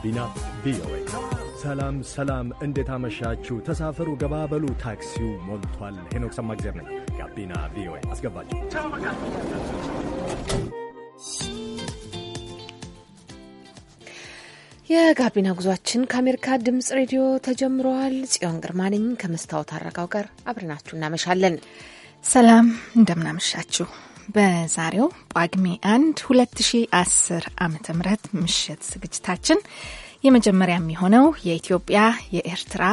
ጋቢና ቪኦኤ። ሰላም ሰላም፣ እንዴት አመሻችሁ? ተሳፈሩ፣ ገባበሉ፣ ታክሲው ሞልቷል። ሄኖክ ሰማግዜር ነኝ። ጋቢና ቪኦኤ አስገባችሁ። የጋቢና ጉዟችን ከአሜሪካ ድምፅ ሬዲዮ ተጀምረዋል። ጽዮን ግርማ ነኝ ከመስታወት አረጋው ጋር አብረናችሁ እናመሻለን። ሰላም፣ እንደምናመሻችሁ በዛሬው ጳጉሜ 1 2010 ዓ ም ምሽት ዝግጅታችን የመጀመሪያ የሚሆነው የኢትዮጵያ፣ የኤርትራ፣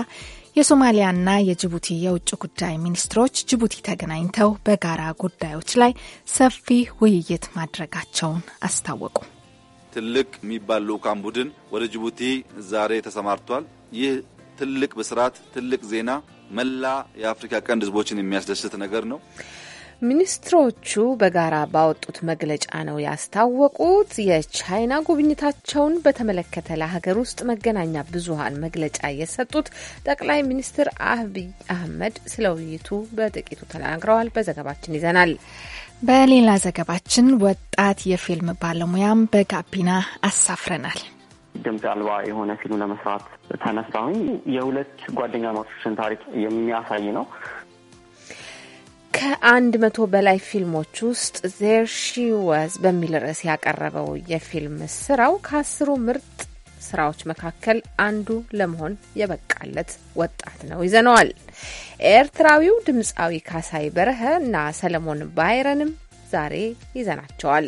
የሶማሊያና የጅቡቲ የውጭ ጉዳይ ሚኒስትሮች ጅቡቲ ተገናኝተው በጋራ ጉዳዮች ላይ ሰፊ ውይይት ማድረጋቸውን አስታወቁ። ትልቅ የሚባል ልኡካን ቡድን ወደ ጅቡቲ ዛሬ ተሰማርቷል። ይህ ትልቅ ብስራት፣ ትልቅ ዜና፣ መላ የአፍሪካ ቀንድ ህዝቦችን የሚያስደስት ነገር ነው። ሚኒስትሮቹ በጋራ ባወጡት መግለጫ ነው ያስታወቁት። የቻይና ጉብኝታቸውን በተመለከተ ለሀገር ውስጥ መገናኛ ብዙኃን መግለጫ የሰጡት ጠቅላይ ሚኒስትር አብይ አህመድ ስለ ውይይቱ በጥቂቱ ተናግረዋል። በዘገባችን ይዘናል። በሌላ ዘገባችን ወጣት የፊልም ባለሙያም በጋቢና አሳፍረናል። ድምፅ አልባ የሆነ ፊልም ለመስራት ተነሳሁኝ። የሁለት ጓደኛማቾችን ታሪክ የሚያሳይ ነው። ከአንድ መቶ በላይ ፊልሞች ውስጥ ዜር ሺ ወዝ በሚል ርዕስ ያቀረበው የፊልም ስራው ከአስሩ ምርጥ ስራዎች መካከል አንዱ ለመሆን የበቃለት ወጣት ነው ይዘነዋል። ኤርትራዊው ድምፃዊ ካሳይ በረሀ እና ሰለሞን ባይረንም ዛሬ ይዘናቸዋል።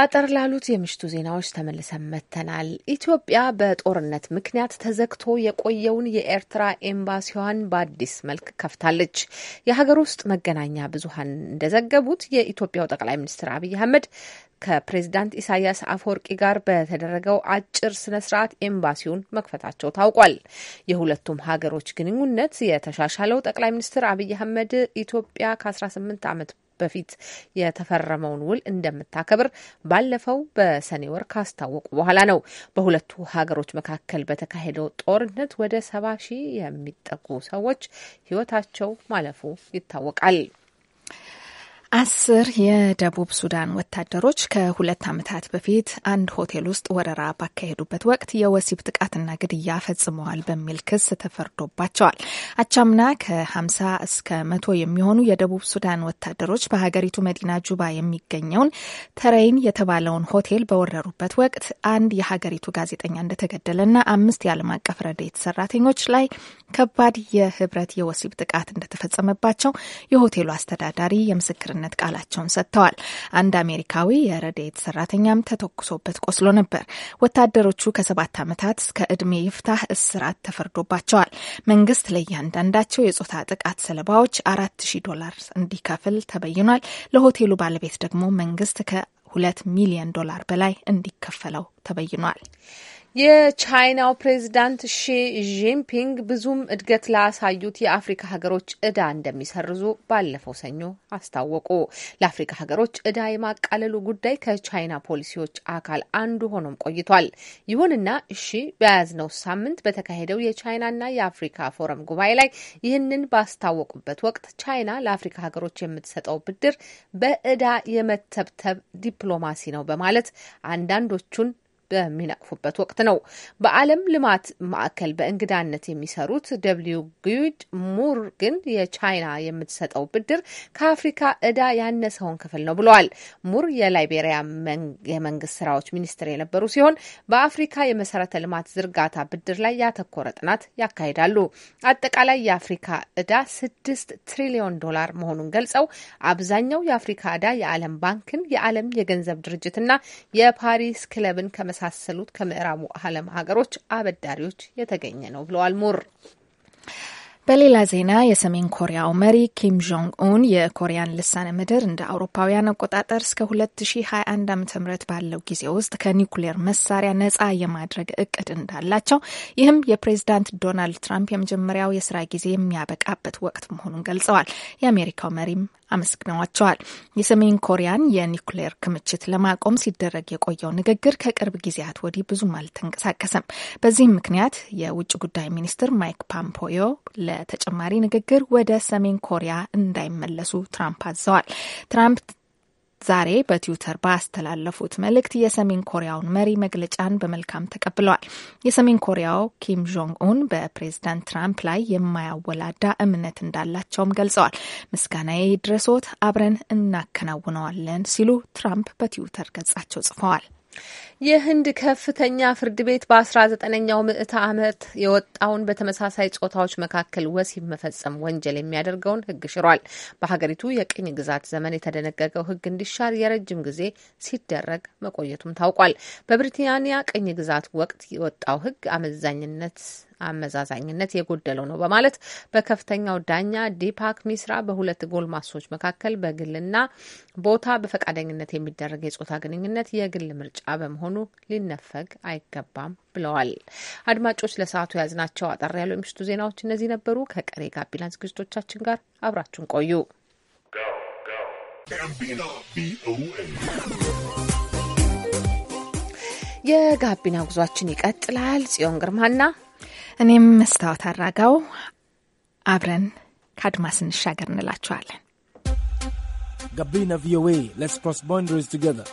አጠር ላሉት የምሽቱ ዜናዎች ተመልሰን መጥተናል። ኢትዮጵያ በጦርነት ምክንያት ተዘግቶ የቆየውን የኤርትራ ኤምባሲዋን በአዲስ መልክ ከፍታለች። የሀገር ውስጥ መገናኛ ብዙኃን እንደዘገቡት የኢትዮጵያው ጠቅላይ ሚኒስትር አብይ አህመድ ከፕሬዚዳንት ኢሳያስ አፈወርቂ ጋር በተደረገው አጭር ስነ ስርዓት ኤምባሲውን መክፈታቸው ታውቋል። የሁለቱም ሀገሮች ግንኙነት የተሻሻለው ጠቅላይ ሚኒስትር አብይ አህመድ ኢትዮጵያ ከ18 ዓመት በፊት የተፈረመውን ውል እንደምታከብር ባለፈው በሰኔ ወር ካስታወቁ በኋላ ነው። በሁለቱ ሀገሮች መካከል በተካሄደው ጦርነት ወደ ሰባ ሺህ የሚጠጉ ሰዎች ህይወታቸው ማለፉ ይታወቃል። አስር የደቡብ ሱዳን ወታደሮች ከሁለት ዓመታት በፊት አንድ ሆቴል ውስጥ ወረራ ባካሄዱበት ወቅት የወሲብ ጥቃትና ግድያ ፈጽመዋል በሚል ክስ ተፈርዶባቸዋል። አቻምና ከ50 እስከ መቶ የሚሆኑ የደቡብ ሱዳን ወታደሮች በሀገሪቱ መዲና ጁባ የሚገኘውን ተረይን የተባለውን ሆቴል በወረሩበት ወቅት አንድ የሀገሪቱ ጋዜጠኛ እንደተገደለና አምስት የዓለም አቀፍ ረድኤት ሰራተኞች ላይ ከባድ የህብረት የወሲብ ጥቃት እንደተፈጸመባቸው የሆቴሉ አስተዳዳሪ የምስክርና የምስክርነት ቃላቸውን ሰጥተዋል። አንድ አሜሪካዊ የረድኤት ሰራተኛም ተተኩሶበት ቆስሎ ነበር። ወታደሮቹ ከሰባት ዓመታት እስከ እድሜ ይፍታህ እስራት ተፈርዶባቸዋል። መንግስት ለእያንዳንዳቸው የጾታ ጥቃት ሰለባዎች አራት ሺህ ዶላር እንዲከፍል ተበይኗል። ለሆቴሉ ባለቤት ደግሞ መንግስት ከሁለት ሚሊዮን ዶላር በላይ እንዲከፈለው ተበይኗል። የቻይናው ፕሬዚዳንት ሺ ጂንፒንግ ብዙም እድገት ላሳዩት የአፍሪካ ሀገሮች እዳ እንደሚሰርዙ ባለፈው ሰኞ አስታወቁ። ለአፍሪካ ሀገሮች እዳ የማቃለሉ ጉዳይ ከቻይና ፖሊሲዎች አካል አንዱ ሆኖም ቆይቷል። ይሁንና ሺ በያዝነው ሳምንት በተካሄደው የቻይናና የአፍሪካ ፎረም ጉባኤ ላይ ይህንን ባስታወቁበት ወቅት ቻይና ለአፍሪካ ሀገሮች የምትሰጠው ብድር በእዳ የመተብተብ ዲፕሎማሲ ነው በማለት አንዳንዶቹን በሚነቅፉበት ወቅት ነው። በዓለም ልማት ማዕከል በእንግዳነት የሚሰሩት ደብልዩ ጉድ ሙር ግን የቻይና የምትሰጠው ብድር ከአፍሪካ እዳ ያነሰውን ክፍል ነው ብለዋል። ሙር የላይቤሪያ የመንግስት ስራዎች ሚኒስትር የነበሩ ሲሆን በአፍሪካ የመሰረተ ልማት ዝርጋታ ብድር ላይ ያተኮረ ጥናት ያካሂዳሉ። አጠቃላይ የአፍሪካ እዳ ስድስት ትሪሊዮን ዶላር መሆኑን ገልጸው አብዛኛው የአፍሪካ እዳ የዓለም ባንክን፣ የዓለም የገንዘብ ድርጅትና የፓሪስ ክለብን ከመሰ ከመሳሰሉት ከምዕራቡ ዓለም ሀገሮች አበዳሪዎች የተገኘ ነው ብለዋል ሙር። በሌላ ዜና የሰሜን ኮሪያው መሪ ኪም ጆንግ ኡን የኮሪያን ልሳነ ምድር እንደ አውሮፓውያን አቆጣጠር እስከ 2021 ዓ ም ባለው ጊዜ ውስጥ ከኒውክሌር መሳሪያ ነጻ የማድረግ እቅድ እንዳላቸው ይህም የፕሬዚዳንት ዶናልድ ትራምፕ የመጀመሪያው የስራ ጊዜ የሚያበቃበት ወቅት መሆኑን ገልጸዋል። የአሜሪካው መሪም አመስግነዋቸዋል። የሰሜን ኮሪያን የኒውክሌር ክምችት ለማቆም ሲደረግ የቆየው ንግግር ከቅርብ ጊዜያት ወዲህ ብዙም አልተንቀሳቀሰም። በዚህም ምክንያት የውጭ ጉዳይ ሚኒስትር ማይክ ፓምፖዮ ለተጨማሪ ንግግር ወደ ሰሜን ኮሪያ እንዳይመለሱ ትራምፕ አዘዋል። ትራምፕ ዛሬ በትዊተር ባስተላለፉት መልእክት የሰሜን ኮሪያውን መሪ መግለጫን በመልካም ተቀብለዋል። የሰሜን ኮሪያው ኪም ጆንግ ኡን በፕሬዝዳንት ትራምፕ ላይ የማያወላዳ እምነት እንዳላቸውም ገልጸዋል። ምስጋናዬ ይድረሶት፣ አብረን እናከናውነዋለን ሲሉ ትራምፕ በትዊተር ገጻቸው ጽፈዋል። የህንድ ከፍተኛ ፍርድ ቤት በ19ኛው ምዕተ ዓመት የወጣውን በተመሳሳይ ጾታዎች መካከል ወሲብ መፈጸም ወንጀል የሚያደርገውን ህግ ሽሯል። በሀገሪቱ የቅኝ ግዛት ዘመን የተደነገገው ህግ እንዲሻር የረጅም ጊዜ ሲደረግ መቆየቱም ታውቋል። በብሪታንያ ቅኝ ግዛት ወቅት የወጣው ህግ አመዛኝነት አመዛዛኝነት የጎደለው ነው በማለት በከፍተኛው ዳኛ ዲፓክ ሚስራ በሁለት ጎልማሶች መካከል በግልና ቦታ በፈቃደኝነት የሚደረግ የጾታ ግንኙነት የግል ምርጫ በመሆኑ መሆኑ ሊነፈግ አይገባም ብለዋል። አድማጮች ለሰዓቱ የያዝናቸው አጠር ያሉ የምሽቱ ዜናዎች እነዚህ ነበሩ። ከቀሬ ጋቢና ዝግጅቶቻችን ጋር አብራችሁን ቆዩ። የጋቢና ጉዟችን ይቀጥላል። ጽዮን ግርማና እኔም መስታወት አራጋው አብረን ከአድማስ እንሻገር እንላችኋለን። ጋቢና ቪኦኤ ሌትስ ክሮስ ባውንደሪስ ቱጌዘር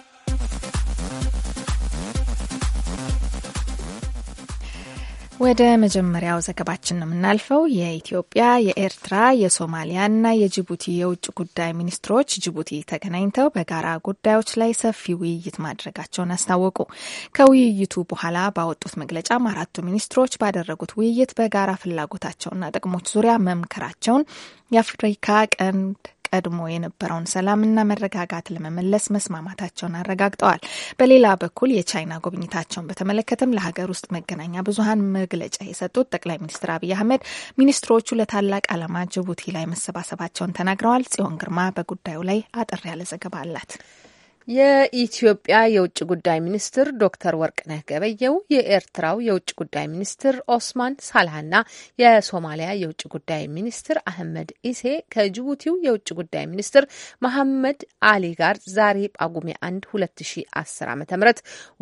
ወደ መጀመሪያው ዘገባችን ነው የምናልፈው። የኢትዮጵያ የኤርትራ የሶማሊያና የጅቡቲ የውጭ ጉዳይ ሚኒስትሮች ጅቡቲ ተገናኝተው በጋራ ጉዳዮች ላይ ሰፊ ውይይት ማድረጋቸውን አስታወቁ። ከውይይቱ በኋላ ባወጡት መግለጫም አራቱ ሚኒስትሮች ባደረጉት ውይይት በጋራ ፍላጎታቸውና ጥቅሞች ዙሪያ መምከራቸውን የአፍሪካ ቀንድ ቀድሞ የነበረውን ሰላምና መረጋጋት ለመመለስ መስማማታቸውን አረጋግጠዋል። በሌላ በኩል የቻይና ጉብኝታቸውን በተመለከተም ለሀገር ውስጥ መገናኛ ብዙኃን መግለጫ የሰጡት ጠቅላይ ሚኒስትር አብይ አህመድ ሚኒስትሮቹ ለታላቅ ዓላማ ጅቡቲ ላይ መሰባሰባቸውን ተናግረዋል። ጽዮን ግርማ በጉዳዩ ላይ አጠር ያለ ዘገባ አላት። የኢትዮጵያ የውጭ ጉዳይ ሚኒስትር ዶክተር ወርቅነህ ገበየው የኤርትራው የውጭ ጉዳይ ሚኒስትር ኦስማን ሳልሃና የሶማሊያ የውጭ ጉዳይ ሚኒስትር አህመድ ኢሴ ከጅቡቲው የውጭ ጉዳይ ሚኒስትር መሐመድ አሊ ጋር ዛሬ ጳጉሜ 1 2010 ዓ ም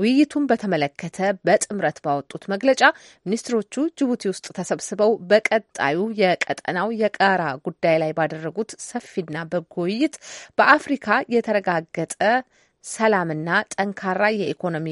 ውይይቱን በተመለከተ በጥምረት ባወጡት መግለጫ ሚኒስትሮቹ ጅቡቲ ውስጥ ተሰብስበው በቀጣዩ የቀጠናው የጋራ ጉዳይ ላይ ባደረጉት ሰፊና በጎ ውይይት በአፍሪካ የተረጋገጠ ሰላምና ጠንካራ የኢኮኖሚ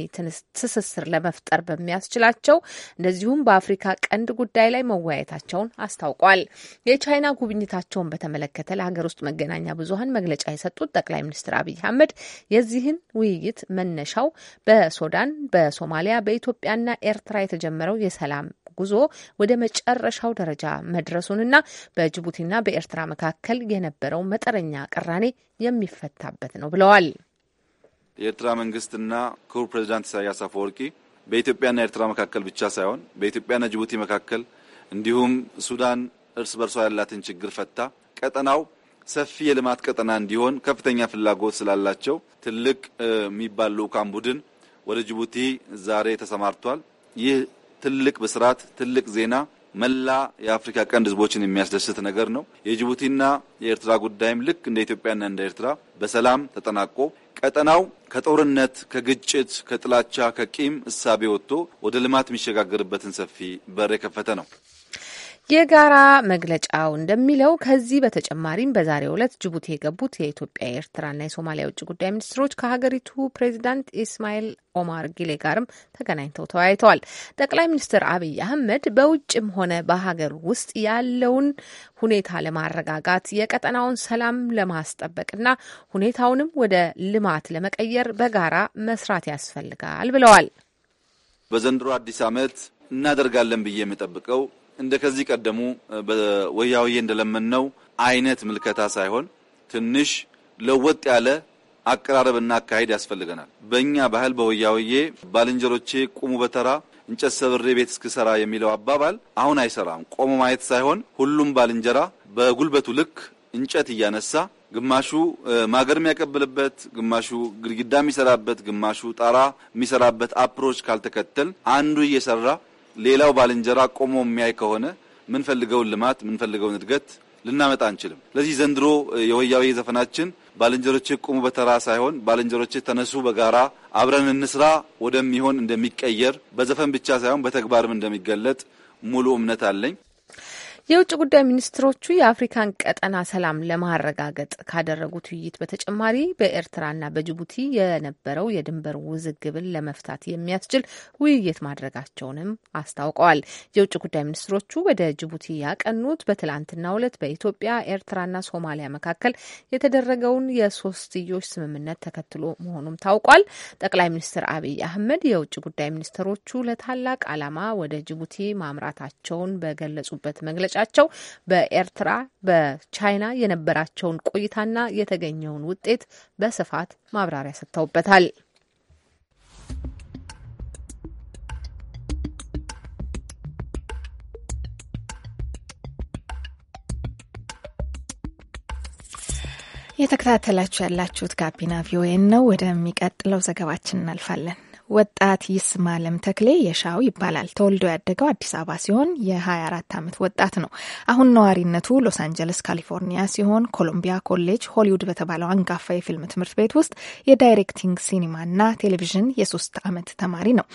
ትስስር ለመፍጠር በሚያስችላቸው እንደዚሁም በአፍሪካ ቀንድ ጉዳይ ላይ መወያየታቸውን አስታውቋል። የቻይና ጉብኝታቸውን በተመለከተ ለሀገር ውስጥ መገናኛ ብዙኃን መግለጫ የሰጡት ጠቅላይ ሚኒስትር አብይ አህመድ የዚህን ውይይት መነሻው በሱዳን፣ በሶማሊያ፣ በኢትዮጵያና ኤርትራ የተጀመረው የሰላም ጉዞ ወደ መጨረሻው ደረጃ መድረሱንና በጅቡቲና በኤርትራ መካከል የነበረው መጠነኛ ቅራኔ የሚፈታበት ነው ብለዋል። የኤርትራ መንግስትና ክቡር ፕሬዚዳንት ኢሳያስ አፈወርቂ በኢትዮጵያና ኤርትራ መካከል ብቻ ሳይሆን በኢትዮጵያና ጅቡቲ መካከል እንዲሁም ሱዳን እርስ በርሷ ያላትን ችግር ፈታ ቀጠናው ሰፊ የልማት ቀጠና እንዲሆን ከፍተኛ ፍላጎት ስላላቸው ትልቅ የሚባል ልዑካን ቡድን ወደ ጅቡቲ ዛሬ ተሰማርቷል። ይህ ትልቅ ብስራት፣ ትልቅ ዜና መላ የአፍሪካ ቀንድ ህዝቦችን የሚያስደስት ነገር ነው። የጅቡቲና የኤርትራ ጉዳይም ልክ እንደ ኢትዮጵያና እንደ ኤርትራ በሰላም ተጠናቆ ቀጠናው ከጦርነት፣ ከግጭት፣ ከጥላቻ፣ ከቂም እሳቤ ወጥቶ ወደ ልማት የሚሸጋገርበትን ሰፊ በር የከፈተ ነው። የጋራ መግለጫው እንደሚለው ከዚህ በተጨማሪም በዛሬው ዕለት ጅቡቲ የገቡት የኢትዮጵያ የኤርትራና የሶማሊያ የውጭ ጉዳይ ሚኒስትሮች ከሀገሪቱ ፕሬዚዳንት ኢስማኤል ኦማር ጊሌ ጋርም ተገናኝተው ተወያይተዋል። ጠቅላይ ሚኒስትር አብይ አህመድ በውጭም ሆነ በሀገር ውስጥ ያለውን ሁኔታ ለማረጋጋት የቀጠናውን ሰላም ለማስጠበቅና ሁኔታውንም ወደ ልማት ለመቀየር በጋራ መስራት ያስፈልጋል ብለዋል። በዘንድሮ አዲስ ዓመት እናደርጋለን ብዬ የምጠብቀው እንደ ከዚህ ቀደሙ ወያውዬ እንደለመነው አይነት ምልከታ ሳይሆን ትንሽ ለወጥ ያለ አቀራረብና አካሄድ ያስፈልገናል። በእኛ ባህል በወያውዬ ባልንጀሮቼ ቁሙ በተራ እንጨት ሰብሬ ቤት እስክሰራ የሚለው አባባል አሁን አይሰራም። ቆሞ ማየት ሳይሆን ሁሉም ባልንጀራ በጉልበቱ ልክ እንጨት እያነሳ ግማሹ ማገር የሚያቀብልበት፣ ግማሹ ግድግዳ የሚሰራበት፣ ግማሹ ጣራ የሚሰራበት አፕሮች ካልተከተል አንዱ እየሰራ ሌላው ባልንጀራ ቆሞ የሚያይ ከሆነ ምንፈልገውን ልማት ምንፈልገውን እድገት ልናመጣ አንችልም። ለዚህ ዘንድሮ የወያዌ ዘፈናችን ባልንጀሮች ቁሙ በተራ ሳይሆን ባልንጀሮች ተነሱ በጋራ አብረን እንስራ ወደሚሆን እንደሚቀየር በዘፈን ብቻ ሳይሆን በተግባርም እንደሚገለጥ ሙሉ እምነት አለኝ። የውጭ ጉዳይ ሚኒስትሮቹ የአፍሪካን ቀጠና ሰላም ለማረጋገጥ ካደረጉት ውይይት በተጨማሪ በኤርትራና በጅቡቲ የነበረው የድንበር ውዝግብን ለመፍታት የሚያስችል ውይይት ማድረጋቸውንም አስታውቀዋል። የውጭ ጉዳይ ሚኒስትሮቹ ወደ ጅቡቲ ያቀኑት በትላንትናው ዕለት በኢትዮጵያ ኤርትራና ሶማሊያ መካከል የተደረገውን የሶስትዮሽ ስምምነት ተከትሎ መሆኑም ታውቋል። ጠቅላይ ሚኒስትር አብይ አህመድ የውጭ ጉዳይ ሚኒስትሮቹ ለታላቅ ዓላማ ወደ ጅቡቲ ማምራታቸውን በገለጹበት መግለጫ መግለጫቸው በኤርትራ በቻይና የነበራቸውን ቆይታና የተገኘውን ውጤት በስፋት ማብራሪያ ሰጥተውበታል። የተከታተላችሁ ያላችሁት ጋቢና ቪኦኤ ነው። ወደሚቀጥለው ዘገባችን እናልፋለን። ወጣት ይስማለም ተክሌ የሻው ይባላል። ተወልዶ ያደገው አዲስ አበባ ሲሆን የ24 ዓመት ወጣት ነው። አሁን ነዋሪነቱ ሎስ አንጀለስ ካሊፎርኒያ ሲሆን ኮሎምቢያ ኮሌጅ ሆሊውድ በተባለው አንጋፋ የፊልም ትምህርት ቤት ውስጥ የዳይሬክቲንግ ሲኒማና ቴሌቪዥን የሶስት ዓመት ተማሪ ነው።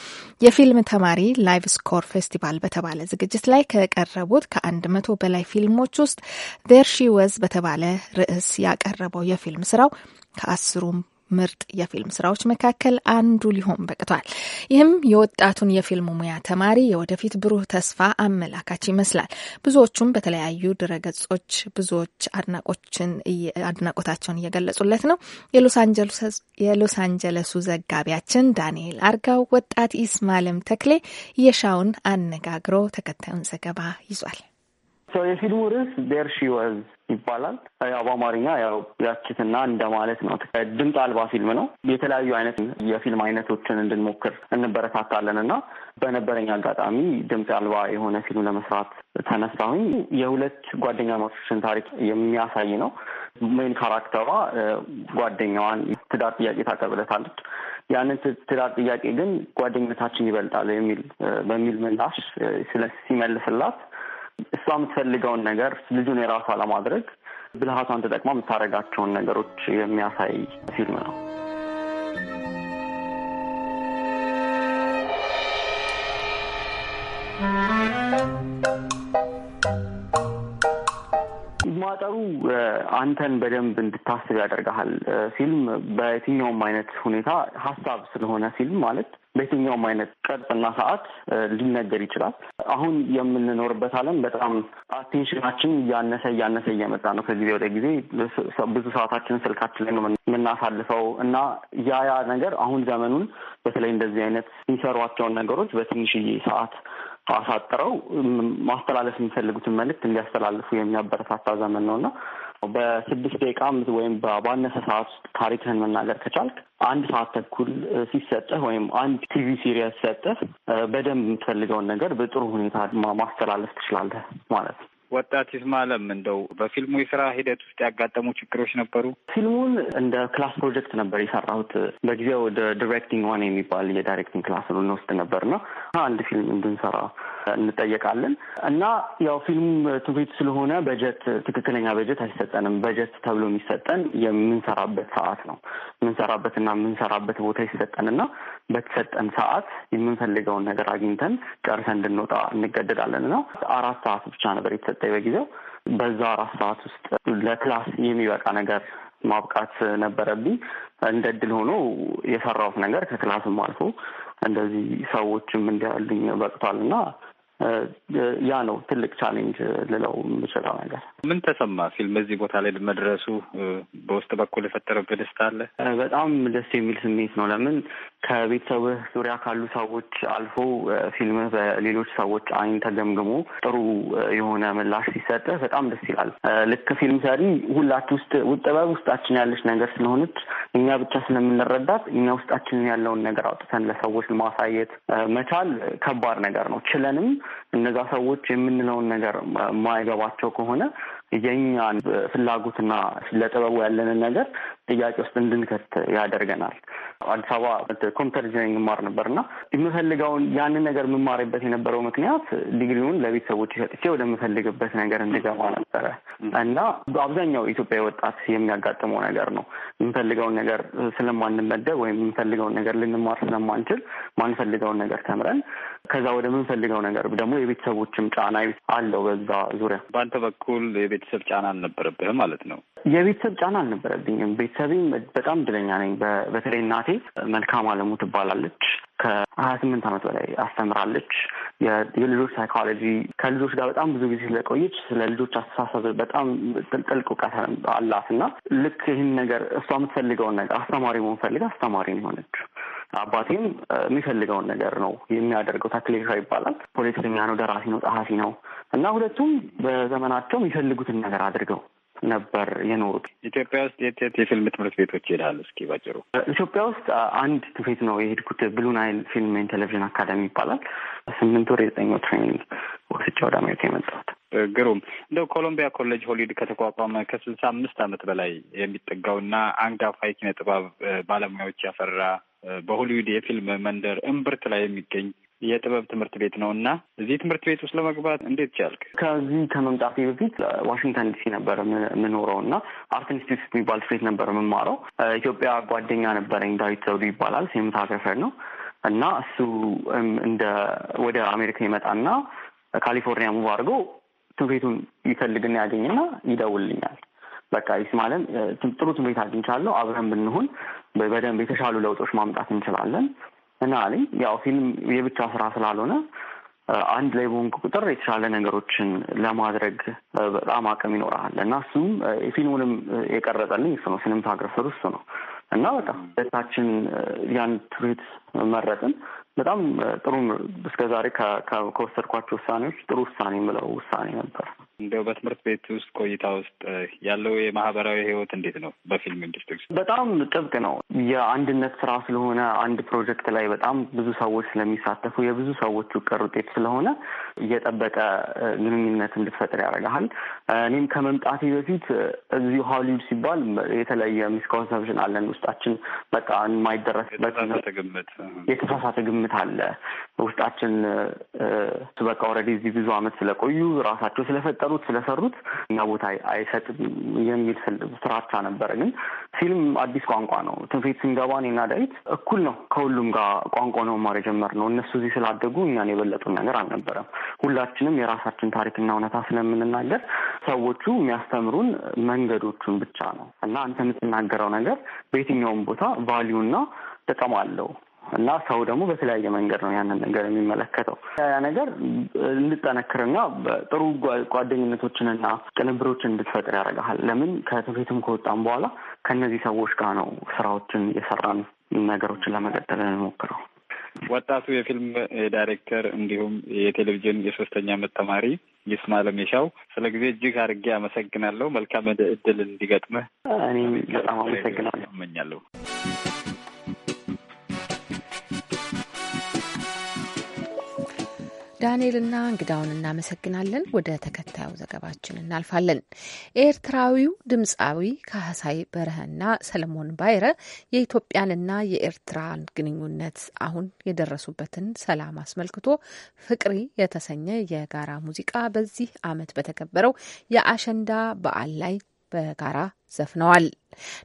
የፊልም ተማሪ ላይቭ ስኮር ፌስቲቫል በተባለ ዝግጅት ላይ ከቀረቡት ከአንድ መቶ በላይ ፊልሞች ውስጥ ዜር ሺ ወዝ በተባለ ርዕስ ያቀረበው የፊልም ስራው ከአስሩም ምርጥ የፊልም ስራዎች መካከል አንዱ ሊሆን በቅቷል። ይህም የወጣቱን የፊልም ሙያ ተማሪ የወደፊት ብሩህ ተስፋ አመላካች ይመስላል። ብዙዎቹም በተለያዩ ድረገጾች ብዙዎች አድናቆችን አድናቆታቸውን እየገለጹለት ነው። የሎስ አንጀለሱ ዘጋቢያችን ዳንኤል አርጋው ወጣት ኢስማልም ተክሌ የሻውን አነጋግሮ ተከታዩን ዘገባ ይዟል። የፊልሙ ርዕስ ዴር ሺ ወዝ ይባላል። ያው በአማርኛ ያው ያችትና እንደማለት ነው። ድምፅ አልባ ፊልም ነው። የተለያዩ አይነት የፊልም አይነቶችን እንድንሞክር እንበረታታለን እና በነበረኝ አጋጣሚ ድምፅ አልባ የሆነ ፊልም ለመስራት ተነሳሁኝ። የሁለት ጓደኛሞችን ታሪክ የሚያሳይ ነው። ሜን ካራክተሯ ጓደኛዋን ትዳር ጥያቄ ታቀብለታለች። ያንን ትዳር ጥያቄ ግን ጓደኝነታችን ይበልጣል የሚል በሚል ምላሽ ሲመልስላት እሷ የምትፈልገውን ነገር ልጁን የራሷ ለማድረግ ብልሃቷን ተጠቅማ የምታደርጋቸውን ነገሮች የሚያሳይ ፊልም ነው። መቆጣጠሩ አንተን በደንብ እንድታስብ ያደርግሃል። ፊልም በየትኛውም አይነት ሁኔታ ሀሳብ ስለሆነ ፊልም ማለት በየትኛውም አይነት ቅርጽና ሰዓት ሊነገር ይችላል። አሁን የምንኖርበት ዓለም በጣም አቴንሽናችን እያነሰ እያነሰ እየመጣ ነው። ከጊዜ ወደ ጊዜ ብዙ ሰዓታችን ስልካችን ላይ ነው የምናሳልፈው እና ያ ያ ነገር አሁን ዘመኑን በተለይ እንደዚህ አይነት የሚሰሯቸውን ነገሮች በትንሽዬ ሰዓት አሳጥረው ማስተላለፍ የሚፈልጉትን መልእክት እንዲያስተላልፉ የሚያበረታታ ዘመን ነው እና በስድስት ደቂቃ ወይም ባነሰ ሰዓት ውስጥ ታሪክህን መናገር ከቻልክ አንድ ሰዓት ተኩል ሲሰጠህ ወይም አንድ ቲቪ ሲሪየስ ሲሰጠህ በደንብ የምትፈልገውን ነገር በጥሩ ሁኔታ ማስተላለፍ ትችላለህ ማለት ነው። ወጣት ይስማለም እንደው በፊልሙ የስራ ሂደት ውስጥ ያጋጠሙ ችግሮች ነበሩ? ፊልሙን እንደ ክላስ ፕሮጀክት ነበር የሰራሁት በጊዜው ዲሬክቲንግ ዋን የሚባል የዳይሬክቲንግ ክላስ እንወስድ ነበር ነው አንድ ፊልም እንድንሰራ እንጠየቃለን እና ያው ፊልም ትውፊት ስለሆነ በጀት ትክክለኛ በጀት አይሰጠንም። በጀት ተብሎ የሚሰጠን የምንሰራበት ሰዓት ነው። እና የምንሰራበት ቦታ ይሰጠንና በተሰጠን ሰዓት የምንፈልገውን ነገር አግኝተን ጨርሰን እንድንወጣ እንገደዳለን ነው አራት ሰዓት ብቻ ነበር የተሰጠ ስለተሰጠኝ በጊዜው በዛ ሰዓት ውስጥ ለክላስ የሚበቃ ነገር ማብቃት ነበረብኝ። እንደ እድል ሆኖ የሰራሁት ነገር ከክላስም አልፎ እንደዚህ ሰዎችም እንዲያሉኝ በቅቷል እና ያ ነው ትልቅ ቻሌንጅ ልለው የምችለው ነገር። ምን ተሰማ ፊልም እዚህ ቦታ ላይ መድረሱ በውስጥ በኩል የፈጠረብህ ደስታ አለ? በጣም ደስ የሚል ስሜት ነው። ለምን ከቤተሰብህ ዙሪያ ካሉ ሰዎች አልፎ ፊልምህ በሌሎች ሰዎች አይን ተገምግሞ ጥሩ የሆነ ምላሽ ሲሰጥህ በጣም ደስ ይላል። ልክ ፊልም ሰሪ ሁላት ውስጥ ጥበብ ውስጣችን ያለች ነገር ስለሆነች እኛ ብቻ ስለምንረዳት እኛ ውስጣችንን ያለውን ነገር አውጥተን ለሰዎች ማሳየት መቻል ከባድ ነገር ነው ችለንም እነዛ ሰዎች የምንለውን ነገር ማይገባቸው ከሆነ የኛን ፍላጎትና ለጥበቡ ያለንን ነገር ጥያቄ ውስጥ እንድንከት ያደርገናል። አዲስ አበባ ኮምፒተር ኢንጂነሪንግ ማር ነበር እና የምፈልገውን ያንን ነገር የምማርበት የነበረው ምክንያት ዲግሪውን ለቤተሰቦች ሰጥቼ ወደምፈልግበት ነገር እንድገባ ነበረ እና አብዛኛው ኢትዮጵያ ወጣት የሚያጋጥመው ነገር ነው። የምንፈልገውን ነገር ስለማንመደብ ወይም የምፈልገውን ነገር ልንማር ስለማንችል ማንፈልገውን ነገር ተምረን ከዛ ምንፈልገው ነገር ደግሞ የቤተሰቦችም ጫና አለው በዛ ዙሪያ። በአንተ በኩል የቤተሰብ ጫና አልነበረብህ ማለት ነው? የቤተሰብ ጫና አልነበረብኝም። ቤተሰቤም በጣም እድለኛ ነኝ። በተለይ እናቴ መልካም አለሙ ትባላለች። ከሀያ ስምንት ዓመት በላይ አስተምራለች። የልጆች ሳይኮሎጂ ከልጆች ጋር በጣም ብዙ ጊዜ ስለቆየች ስለ ልጆች አስተሳሰብ በጣም ጥልቅ እውቀት አላት እና ልክ ይህን ነገር እሷ የምትፈልገውን ነገር አስተማሪ መሆን ፈልግ አስተማሪ ሆነች። አባቴም የሚፈልገውን ነገር ነው የሚያደርገው። ተክሌሻ ይባላል። ፖለቲከኛ ነው፣ ደራሲ ነው፣ ጸሐፊ ነው እና ሁለቱም በዘመናቸው የሚፈልጉትን ነገር አድርገው ነበር የኖሩት። ኢትዮጵያ ውስጥ የት የት የፊልም ትምህርት ቤቶች ይሄዳል? እስኪ ባጭሩ። ኢትዮጵያ ውስጥ አንድ ትምህርት ቤት ነው የሄድኩት፣ ብሉ ናይል ፊልም ኤንድ ቴሌቪዥን አካዳሚ ይባላል። ስምንት ወር የዘጠኝ ትሬኒንግ ወስጄ ወደ አሜሪካ የመጣሁት። ግሩም። እንደው ኮሎምቢያ ኮሌጅ ሆሊውድ ከተቋቋመ ከስልሳ አምስት አመት በላይ የሚጠጋው እና አንጋፋ የኪነ ጥበብ ባለሙያዎች ያፈራ በሆሊውድ የፊልም መንደር እምብርት ላይ የሚገኝ የጥበብ ትምህርት ቤት ነው እና እዚህ ትምህርት ቤት ውስጥ ለመግባት እንዴት ቻልክ? ከዚህ ከመምጣቴ በፊት ዋሽንግተን ዲሲ ነበረ የምኖረው እና አርት ኢንስቲትዩት የሚባል ስሬት ነበር የምማረው። ኢትዮጵያ ጓደኛ ነበረኝ ዳዊት ዘውዱ ይባላል። ሲኒማቶግራፈር ነው እና እሱ እንደ ወደ አሜሪካ ይመጣና ካሊፎርኒያ ሙቭ አድርጎ ትምህርት ቤቱን ይፈልግና ያገኝና ይደውልኛል። በቃ ይስማለን ጥሩ ትምህርት አግኝቻለሁ አብረን ብንሆን በደንብ የተሻሉ ለውጦች ማምጣት እንችላለን እና አለኝ ያው ፊልም የብቻ ስራ ስላልሆነ አንድ ላይ በሆንክ ቁጥር የተሻለ ነገሮችን ለማድረግ በጣም አቅም ይኖርሃል እና እሱም ፊልሙንም የቀረጸልኝ እሱ ነው። ሲኒማቶግራፈሩ እሱ ነው እና በቃ ሁለታችን ያን ትሪት መረጥን። በጣም ጥሩ እስከ ዛሬ ከወሰድኳቸው ውሳኔዎች ጥሩ ውሳኔ የምለው ውሳኔ ነበር። እንደው በትምህርት ቤት ውስጥ ቆይታ ውስጥ ያለው የማህበራዊ ህይወት እንዴት ነው? በፊልም ኢንዱስትሪ ውስጥ በጣም ጥብቅ ነው። የአንድነት ስራ ስለሆነ አንድ ፕሮጀክት ላይ በጣም ብዙ ሰዎች ስለሚሳተፉ የብዙ ሰዎች ውቅር ውጤት ስለሆነ እየጠበቀ ግንኙነት እንድትፈጥር ያደርግሃል። እኔም ከመምጣቴ በፊት እዚሁ ሆሊውድ ሲባል የተለየ ሚስኮንሰፕሽን አለን ውስጣችን በቃ የማይደረስበት የተሳሳተ ግምት ግጭት አለ በውስጣችን በቃ ኦልሬዲ እዚህ ብዙ አመት ስለቆዩ ራሳቸው ስለፈጠሩት ስለሰሩት እኛ ቦታ አይሰጥም የሚል ፍራቻ ነበረ። ግን ፊልም አዲስ ቋንቋ ነው። ትንፌት ስንገባ እኔና ዳዊት እኩል ነው ከሁሉም ጋር ቋንቋ ነው ማር የጀመርነው። እነሱ እዚህ ስላደጉ እኛን የበለጡን ነገር አልነበረም። ሁላችንም የራሳችን ታሪክና እውነታ ስለምንናገር ሰዎቹ የሚያስተምሩን መንገዶቹን ብቻ ነው እና አንተ የምትናገረው ነገር በየትኛውም ቦታ ቫሊዩና ጥቅም አለው እና ሰው ደግሞ በተለያየ መንገድ ነው ያንን ነገር የሚመለከተው። ያ ነገር እንድጠነክርና ጥሩ ጓደኝነቶችንና ቅንብሮችን እንድትፈጥር ያደርግሃል። ለምን ከትፌትም ከወጣም በኋላ ከእነዚህ ሰዎች ጋር ነው ስራዎችን የሰራን ነገሮችን ለመቀጠል እንሞክረው። ወጣቱ የፊልም ዳይሬክተር እንዲሁም የቴሌቪዥን የሶስተኛ ዓመት ተማሪ ይስማ ለሜሻው ስለ ጊዜ እጅግ አድርጌ አመሰግናለሁ። መልካም እድል እንዲገጥምህ እኔም በጣም አመሰግናለሁ እመኛለሁ። ዳንኤልና እንግዳውን እናመሰግናለን። ወደ ተከታዩ ዘገባችን እናልፋለን። ኤርትራዊው ድምፃዊ ካህሳይ በረህና ሰለሞን ባይረ የኢትዮጵያንና የኤርትራን ግንኙነት አሁን የደረሱበትን ሰላም አስመልክቶ ፍቅሪ የተሰኘ የጋራ ሙዚቃ በዚህ ዓመት በተከበረው የአሸንዳ በዓል ላይ በጋራ ዘፍነዋል።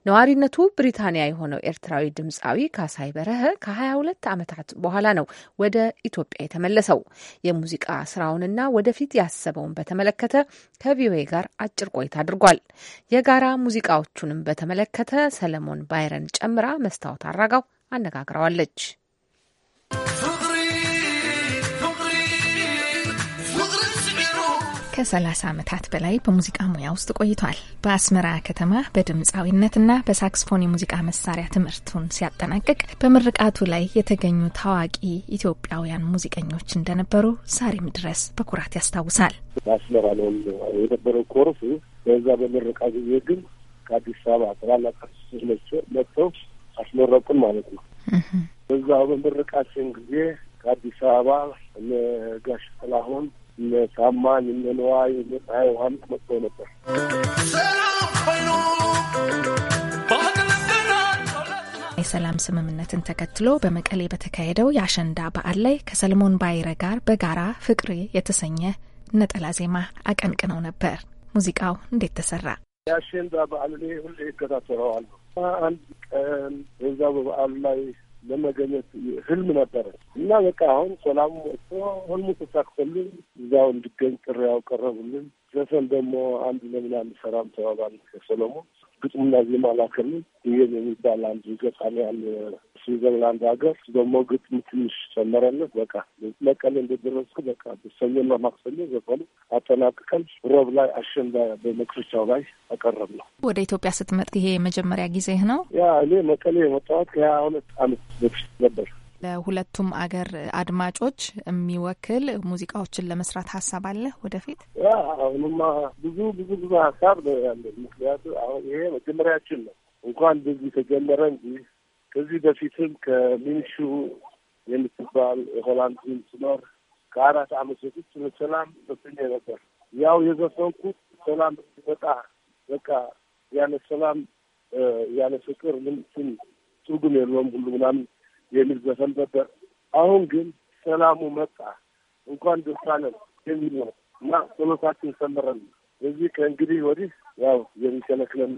ነዋሪነቱ ብሪታንያ የሆነው ኤርትራዊ ድምፃዊ ካሳይ በረሀ ከ22 ዓመታት በኋላ ነው ወደ ኢትዮጵያ የተመለሰው። የሙዚቃ ስራውንና ወደፊት ያሰበውን በተመለከተ ከቪኦኤ ጋር አጭር ቆይታ አድርጓል። የጋራ ሙዚቃዎቹንም በተመለከተ ሰለሞን ባይረን ጨምራ መስታወት አራጋው አነጋግረዋለች። ከ30 ዓመታት በላይ በሙዚቃ ሙያ ውስጥ ቆይቷል። በአስመራ ከተማ በድምፃዊነትና በሳክስፎን የሙዚቃ መሳሪያ ትምህርቱን ሲያጠናቅቅ በምርቃቱ ላይ የተገኙ ታዋቂ ኢትዮጵያውያን ሙዚቀኞች እንደነበሩ ዛሬም ድረስ በኩራት ያስታውሳል። በአስመራ ነው የነበረው ኮርሱ። በዛ በምርቃ ጊዜ ግን ከአዲስ አበባ ትላላቅ መጥተው አስመረቁን ማለት ነው። በዛ በምርቃችን ጊዜ ከአዲስ አበባ ጋሽ ጥላሁን እነ ሳማ እነ ነዋይ እነ ፀሐይ ዮሐንስ መጥተው ነበር። የሰላም ስምምነትን ተከትሎ በመቀሌ በተካሄደው የአሸንዳ በዓል ላይ ከሰለሞን ባይረ ጋር በጋራ ፍቅሬ የተሰኘ ነጠላ ዜማ አቀንቅነው ነበር። ሙዚቃው እንዴት ተሰራ? የአሸንዳ በዓል እኔ ሁሌ እከታተለዋለሁ። አንድ ቀን በዛ በበዓሉ ላይ ለመገኘት ህልም ነበረ እና በቃ አሁን ሰላሙ ወጥቶ ህልሙ ተሳክቶልን እዛው እንድገኝ ጥሪ ያው ቀረቡልን። ዘፈን ደግሞ አንድ ለምን አንድ ሰራም ተባባል ከሰሎሞን ግጥሙና ዜማ ላከሉ ይህን የሚባል አንድ ገጣሚ ያለ ስዊዘርላንድ ሀገር ደግሞ ግጥም ትንሽ ጨመረለት። በቃ መቀሌ እንደደረስኩ በቃ ሰኞና ማክሰኞ ዘፈኑ አጠናቅቀን ሮብ ላይ አሸንዳ በመክፈቻው ላይ አቀረብ ነው። ወደ ኢትዮጵያ ስትመጥ ይሄ የመጀመሪያ ጊዜህ ነው? ያ እኔ መቀሌ የመጣሁት ከሀያ ሁለት አመት በፊት ነበር። ለሁለቱም አገር አድማጮች የሚወክል ሙዚቃዎችን ለመስራት ሀሳብ አለ ወደፊት? አሁንማ ብዙ ብዙ ብዙ ሀሳብ ነው ያለ። ምክንያቱ አሁን ይሄ መጀመሪያችን ነው እንኳን እንደዚህ ተጀመረ እንጂ ከዚህ በፊትም ከሚኒሹ የምትባል የሆላንድ ስኖር ከአራት አመት በፊት ስለ ሰላም በስኛ ነበር። ያው የዘፈንኩት ሰላም በቃ በቃ ያለ ሰላም ያለ ፍቅር ምንም ትርጉም የለውም ሁሉ ምናምን የሚል ዘፈን ነበር። አሁን ግን ሰላሙ መጣ እንኳን ደስ አለን የሚል ነው እና ጸሎታችን ሰምረን እዚህ ከእንግዲህ ወዲህ ያው የሚከለክለን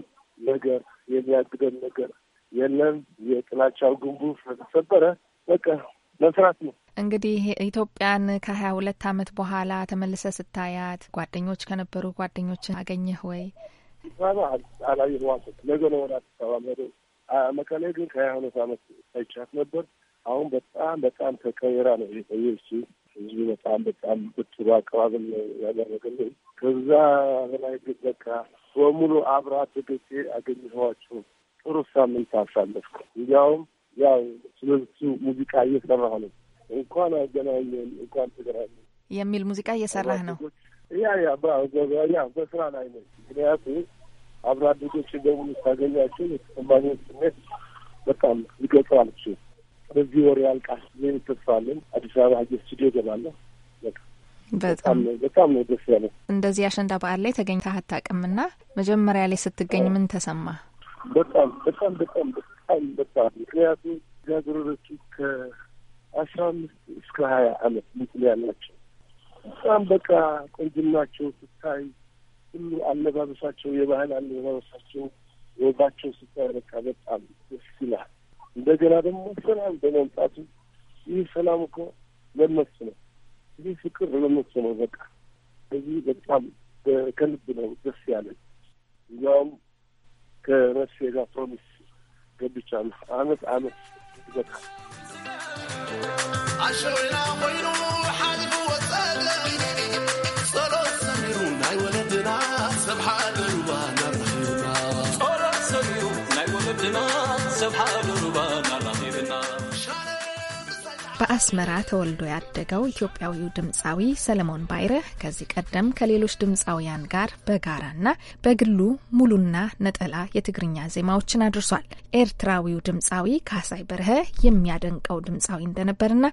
ነገር የሚያግደን ነገር የለም። የጥላቻው ግንቡ ስለተሰበረ በቃ መስራት ነው። እንግዲህ ኢትዮጵያን ከሀያ ሁለት አመት በኋላ ተመልሰ ስታያት ጓደኞች ከነበሩ ጓደኞች አገኘህ ወይ? አላየኋትም። ነገ ነው ወደ አዲስ አበባ መቀሌ ግን ከሀያ ሁለት ዓመት አይቻት ነበር። አሁን በጣም በጣም ተቀይራ ነው የቆየች። ህዝቡ በጣም በጣም ብትሩ አቀባበል ያደረገልን። ከዛ በላይ ግን በቃ በሙሉ አብራ ትግቴ አገኘኋቸው። ጥሩ ሳምንት አሳለፍኩ። እንዲያውም ያው ስለሱ ሙዚቃ እየሰራሁ ነው። እንኳን አገናኘን እንኳን ትግራለ የሚል ሙዚቃ እየሰራህ ነው? ያ ያ በስራ ላይ ነው ምክንያቱ አብሮ አደጎች በሙሉ ታገኛቸው የተሰማኝን ስሜት በጣም ልገልጸው አልችል። በዚህ ወር ያልቃል። ምን ተስፋ አዲስ አበባ ሀገር ስቱዲዮ ገባለሁ። በጣም በጣም ነው ደስ ያለ። እንደዚህ አሸንዳ በዓል ላይ ተገኝተህ አታውቅም እና መጀመሪያ ላይ ስትገኝ ምን ተሰማ? በጣም በጣም በጣም በጣም በጣም ምክንያቱም ልጃገረዶቹ ከአስራ አምስት እስከ ሀያ አመት ምስል ያላቸው በጣም በቃ ቆንጅናቸው ስታይ ሁሉ አለባበሳቸው፣ የባህል አለባበሳቸው፣ ወጋቸው ስታይ በቃ በጣም ደስ ይላል። እንደገና ደግሞ ሰላም በመምጣቱ ይህ ሰላም እኮ ለመሱ ነው። ይህ ፍቅር ለመሱ ነው። በቃ እዚህ በጣም ከልብ ነው ደስ ያለን። እኛውም ከረሴ ጋር ፕሮሚስ ገብቻለሁ አመት አመት በቃ በአስመራ ተወልዶ ያደገው ኢትዮጵያዊው ድምፃዊ ሰለሞን ባይረህ ከዚህ ቀደም ከሌሎች ድምፃውያን ጋር በጋራና በግሉ ሙሉና ነጠላ የትግርኛ ዜማዎችን አድርሷል። ኤርትራዊው ድምፃዊ ካሳይ በርሀ የሚያደንቀው ድምፃዊ እንደነበርና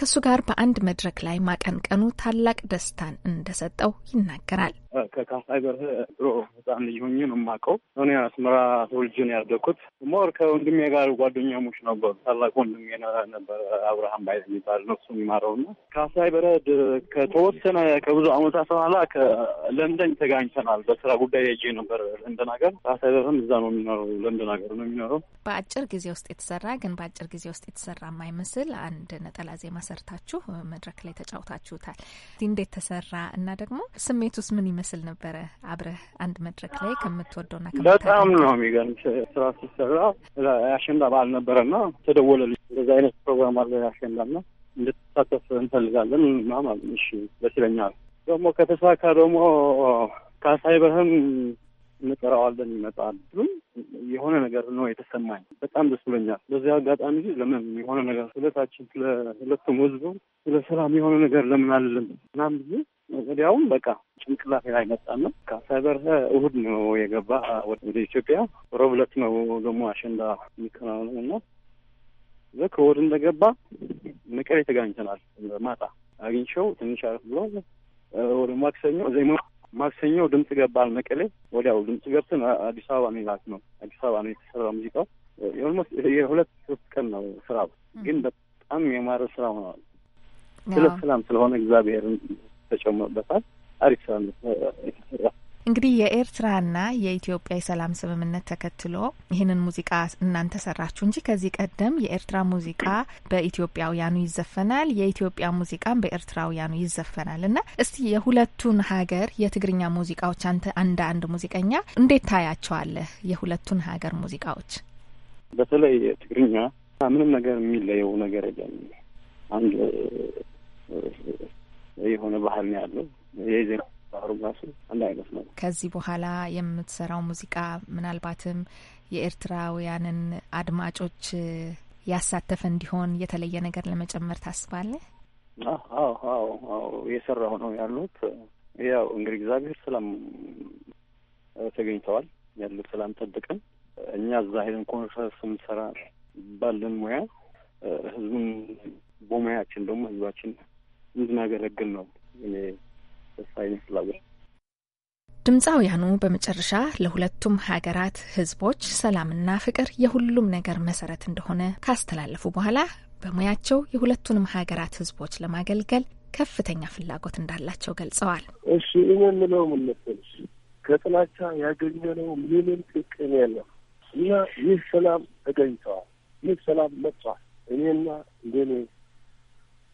ከእሱ ጋር በአንድ መድረክ ላይ ማቀንቀኑ ታላቅ ደስታን እንደሰጠው ይናገራል። ከካሳይ በርህ ድሮ ህፃን ልጅ ሆኜ ነው የማውቀው። እኔ አስመራ ተወልጄ ነው ያደግኩት። ሞር ከወንድሜ ጋር ጓደኛሞች ነበሩ። ታላቅ ወንድሜ ነበር አብርሃም ባይ የሚባል ነው እሱ የሚማረው እና ካሳይ በረድ ከተወሰነ ከብዙ አመታት በኋላ ከለንደን ተጋኝተናል። በስራ ጉዳይ ያየ ነበር ለንደን ሀገር። ካሳይ በረህም እዛ ነው የሚኖረው፣ ለንደን ሀገር ነው የሚኖረው። በአጭር ጊዜ ውስጥ የተሰራ ግን በአጭር ጊዜ ውስጥ የተሰራ የማይመስል አንድ ነጠላ ዜማ ሰርታችሁ መድረክ ላይ ተጫውታችሁታል። እንዴት ተሰራ እና ደግሞ ስሜት ውስጥ ምን ይመስል ነበረ? አብረህ አንድ መድረክ ላይ ከምትወደውና በጣም ነው የሚገርም ስራ ሲሰራ አሸንዳ በዓል ነበረና ተደወለልኝ። እንደዚህ አይነት ፕሮግራም አለ ና እንድትሳተፍ እንፈልጋለን ማለት እሺ ደስ ይለኛል። ደግሞ ከተሳካ ደግሞ ካሳይ በህም እንጠራዋለን ይመጣል። የሆነ ነገር ነው የተሰማኝ። በጣም ደስ ብሎኛል። በዚህ አጋጣሚ ለምን የሆነ ነገር ስለታችን፣ ስለ ሁለቱም ህዝቡ፣ ስለ ሰላም የሆነ ነገር ለምን አለም ምናምን ብዬ ወዲያውም በቃ ጭንቅላቴ ላይ መጣ ነው ከሳይበር እሁድ ነው የገባ ወደ ኢትዮጵያ። ረቡዕ ዕለት ነው ደግሞ አሸንዳ የሚከናወነው እና ልክ እሁድ እንደገባ መቀሌ ተገናኝተናል። ማታ አግኝቼው ትንሽ አረፍ ብሎ ወደ ማክሰኞ ዜማ ማክሰኞ ድምፅ ገባል መቀሌ። ወዲያው ድምፅ ገብትን አዲስ አበባ ነው የላክ ነው። አዲስ አበባ ነው የተሰራ ሙዚቃው። ኦልሞስት የሁለት ሶስት ቀን ነው ስራው፣ ግን በጣም የማረ ስራ ሆነዋል። ስለ ሰላም ስለሆነ እግዚአብሔርን ተጨምሮበታል። አሪፍ ስራ ነው። እንግዲህ የኤርትራና የኢትዮጵያ የሰላም ስምምነት ተከትሎ ይህንን ሙዚቃ እናንተ ሰራችሁ እንጂ ከዚህ ቀደም የኤርትራ ሙዚቃ በኢትዮጵያውያኑ ይዘፈናል፣ የኢትዮጵያ ሙዚቃም በኤርትራውያኑ ይዘፈናል እና እስቲ የሁለቱን ሀገር የትግርኛ ሙዚቃዎች አንተ አንድ አንድ ሙዚቀኛ እንዴት ታያቸዋለህ? የሁለቱን ሀገር ሙዚቃዎች በተለይ ትግርኛ ምንም ነገር የሚለየው ነገር የለም አንድ የሆነ ባህል ነው ያለው የዜና ባህሩ ራሱ አንድ አይነት ነው። ከዚህ በኋላ የምትሰራው ሙዚቃ ምናልባትም የኤርትራውያንን አድማጮች ያሳተፈ እንዲሆን የተለየ ነገር ለመጨመር ታስባለህ? አዎ አዎ አዎ እየሰራሁ ነው ያሉት። ያው እንግዲህ እግዚአብሔር ሰላም ተገኝተዋል ያሉት ሰላም ጠብቀን እኛ እዛ ሄደን ኮንፈረንስ የምንሰራ ባለን ሙያ ህዝቡን በሙያችን ደግሞ ህዝባችን እንድናገለግል ነው እኔ ተስፋ ይመስላል። ድምፃውያኑ በመጨረሻ ለሁለቱም ሀገራት ህዝቦች ሰላምና ፍቅር የሁሉም ነገር መሰረት እንደሆነ ካስተላለፉ በኋላ በሙያቸው የሁለቱንም ሀገራት ህዝቦች ለማገልገል ከፍተኛ ፍላጎት እንዳላቸው ገልጸዋል። እሺ እኔ የምለው ምን መሰለሽ፣ ከጥላቻ ያገኘነው ምንም ጥቅም የለም እና ይህ ሰላም ተገኝተዋል፣ ይህ ሰላም መጥቷል። እኔና እንደኔ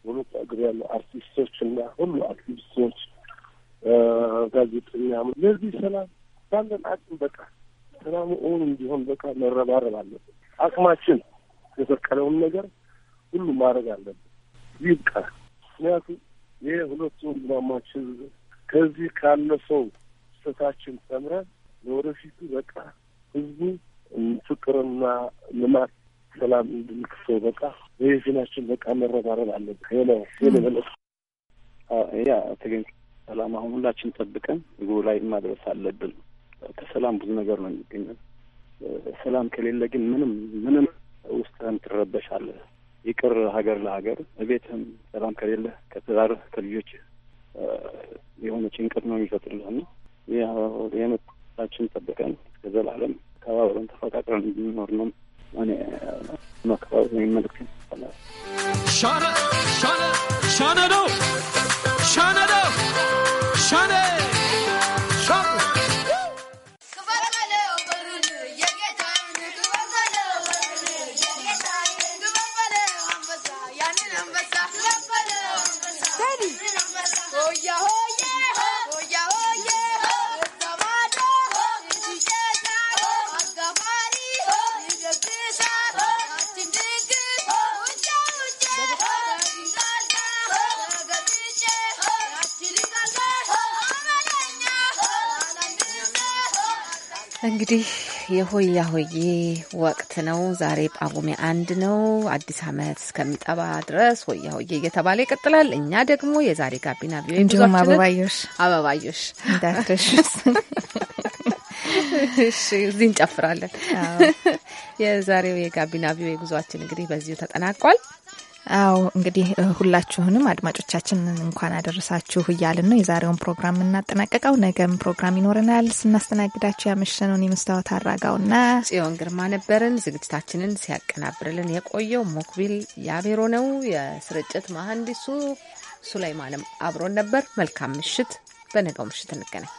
በሁለት ሀገር ያሉ አርቲስቶች እና ሁሉ አክቲቪስቶች፣ ጋዜጠኛ ለዚህ ሰላም ባለን አቅም በቃ ሰላሙ እውን እንዲሆን በቃ መረባረብ አለብን። አቅማችን የፈቀደውን ነገር ሁሉ ማድረግ አለብን። ይብቃ። ምክንያቱም ይህ ሁለቱ ወንድማማች ከዚህ ካለፈው ስህተታችን ተምረን ለወደፊቱ በቃ ህዝቡ ፍቅርና ልማት ሰላም እንድንክሰው በቃ በየፊናችን በቃ መረባረብ አለብን። ሄለው ሄለበለስ ያ ተገኝ ሰላም አሁን ሁላችን ጠብቀን ግቡ ላይ ማድረስ አለብን። ከሰላም ብዙ ነገር ነው የሚገኘው። ሰላም ከሌለ ግን ምንም ምንም ውስጥህን ትረበሻለህ። ይቅር ሀገር ለሀገር እቤትህም ሰላም ከሌለ ከትዳርህ ከልጆች የሆነ ጭንቀት ነው የሚፈጥርልህ እና የመጣችን ጠብቀን ከዘላለም ዘላለም ተባብረን ተፈቃቅረን እንድንኖር ነው يعني شانا شانا شانا نو شانا نو እንግዲህ የሆያ ሆዬ ወቅት ነው። ዛሬ ጳጉሜ አንድ ነው። አዲስ ዓመት እስከሚጠባ ድረስ ሆያ ሆዬ እየተባለ ይቀጥላል። እኛ ደግሞ የዛሬ ጋቢና ቪዮ እንዲሁም አበባዮሽ አበባዮሽ እንዳትረሽስ እሺ እዚህ እንጨፍራለን። የዛሬው የጋቢና ቪዮ ጉዟችን እንግዲህ በዚሁ ተጠናቋል። አዎ እንግዲህ ሁላችሁንም አድማጮቻችን እንኳን አደረሳችሁ እያልን ነው የዛሬውን ፕሮግራም የምናጠናቀቀው። ነገም ፕሮግራም ይኖረናል። ስናስተናግዳችሁ ያመሸነውን የመስታወት ና ጽዮን ግርማ ነበርን። ዝግጅታችንን ሲያቀናብርልን የቆየው ሞክቢል ያቤሮ ነው። የስርጭት መሀንዲሱ ሱላይማንም አብሮን ነበር። መልካም ምሽት። በነገው ምሽት እንገናኝ።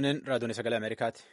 Tunnin raadiyoonis Sagalee Ameerikaati.